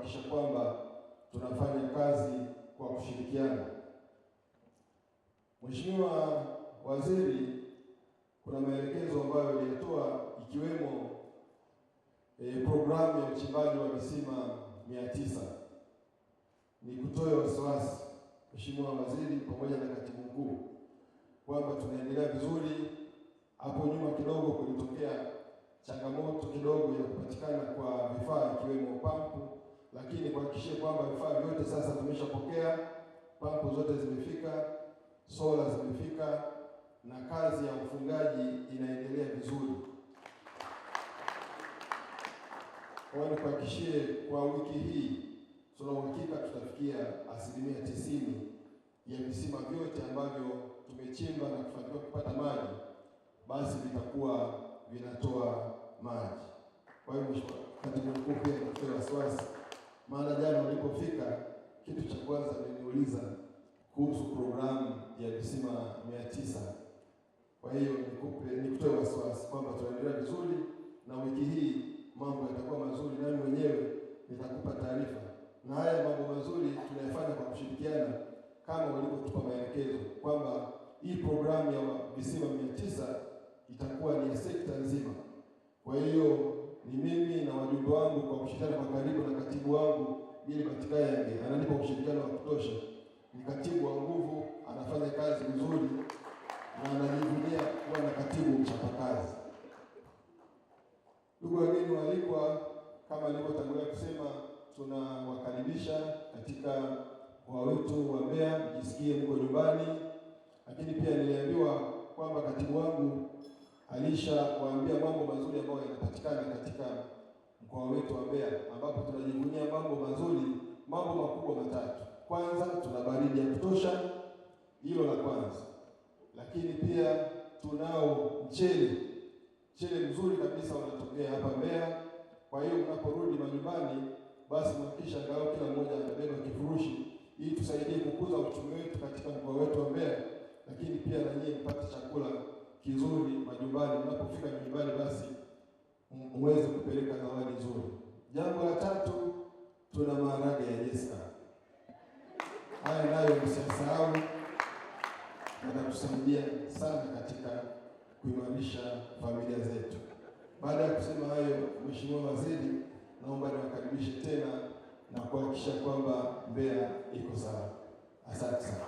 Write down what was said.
kuhakikisha kwamba tunafanya kazi kwa kushirikiana. Mheshimiwa Waziri, kuna maelekezo ambayo aliyatoa ikiwemo e, programu ya uchimbaji wa visima mia tisa. Ni kutoa wasiwasi Mheshimiwa Waziri pamoja na Katibu Mkuu kwamba tunaendelea vizuri. Hapo nyuma kidogo kulitokea changamoto kidogo ya kupatikana kwa vifaa ikiwemo pampu lakini kuhakikisha kwamba vifaa vyote sasa tumeshapokea, pampu zote zimefika, sola zimefika, na kazi ya ufungaji inaendelea vizuri. Kwa hiyo nikuhakikishie, kwa wiki hii tuna uhakika tutafikia asilimia tisini ya visima vyote ambavyo tumechimba na kufanikiwa kupata maji, basi vitakuwa vinatoa maji. Kwa hiyo Mheshimiwa Katibu Mkuu pia mara jana ulipofika, kitu cha kwanza niliuliza kuhusu programu ya visima mia tisa. Kwa hiyo nikupe nikutoe wasiwasi kwamba tunaendelea vizuri, na wiki hii mambo yatakuwa mazuri, nami mwenyewe nitakupa taarifa. Na haya mambo mazuri tunayafanya kwa kushirikiana, kama walivyotupa maelekezo kwamba hii programu ya visima mia tisa itakuwa ni ya sekta nzima. Kwa hiyo ni mimi upande wangu kwa kushirikiana kwa karibu na katibu wangu ili katika yake ananipa ushirikiano wa kutosha. Ni katibu wa nguvu, anafanya kazi vizuri na anajivunia kuwa na katibu mchapakazi. Ndugu wageni waalikwa, kama nilivyotangulia kusema, tunawakaribisha katika mkoa wetu wa Mbeya, mjisikie mko nyumbani. Lakini pia niliambiwa kwamba katibu wangu alishawaambia mambo mazuri ambayo yanapatikana katika mkoa wetu wa Mbeya, ambapo tunajivunia mambo mazuri, mambo makubwa matatu. Kwanza, tuna baridi ya kutosha, hilo la kwanza, lakini pia tunao mchele, mchele mzuri kabisa unatokea hapa Mbeya. Kwa hiyo mnaporudi majumbani, basi mhakikishe angalau kila mmoja amebeba kifurushi, ili tusaidie kukuza uchumi wetu katika mkoa wetu wa Mbeya, lakini pia na nyinyi mpate chakula kizuri majumbani. Mnapofika nyumbani basi muweze kupeleka zawadi nzuri. Jambo la tatu, tuna maharage ya Jesa. Haya nayo msisahau, yanatusaidia sana katika kuimarisha familia zetu. Baada ya kusema hayo, Mheshimiwa Waziri, naomba niwakaribishe tena na kuhakikisha kwamba Mbeya iko sawa. Asante sana.